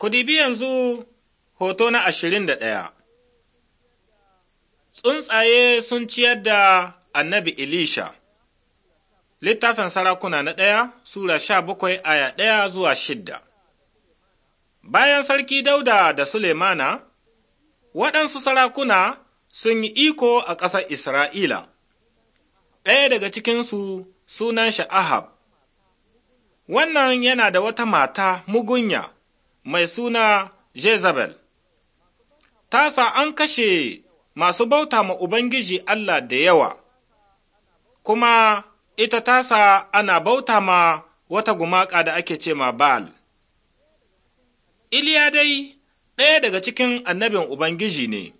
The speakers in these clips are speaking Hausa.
Ku dibi yanzu hoto na ashirin da ɗaya. Tsuntsaye sun ciyar da annabi Elisha. Littafin sarakuna na ɗaya, Sura sha bakwai aya ɗaya zuwa shidda. Bayan sarki Dauda da Sulemana, waɗansu sarakuna sun yi iko a ƙasar Isra'ila, ɗaya daga cikinsu sunan shi Ahab, wannan yana da wata mata mugunya mai suna Jezebel, ta sa an kashe masu bauta ma Ubangiji Allah da yawa, kuma ita ta sa ana bauta ma wata gumaka da ake ce ma Ba'al. Iliya dai ɗaya daga cikin annabin Ubangiji ne,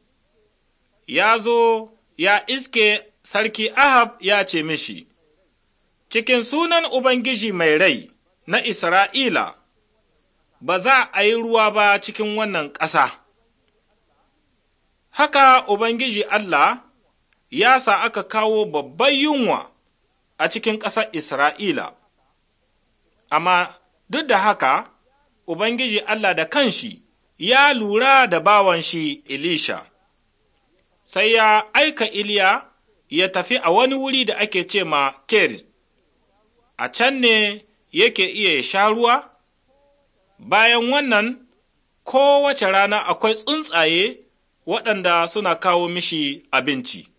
ya zo ya iske sarki Ahab ya ce mishi, Cikin sunan Ubangiji mai rai na Isra'ila, ba za a yi ruwa ba cikin wannan ƙasa. Haka Ubangiji Allah ya sa aka kawo babban yunwa a cikin ƙasar Isra'ila, amma duk da haka Ubangiji Allah da kanshi ya lura da bawan shi Elisha, sai ya aika Iliya ya tafi a wani wuri da ake ce ma Kerit, a can ne yake iya ya sha ruwa Bayan wannan, kowace rana akwai tsuntsaye waɗanda suna kawo mishi abinci.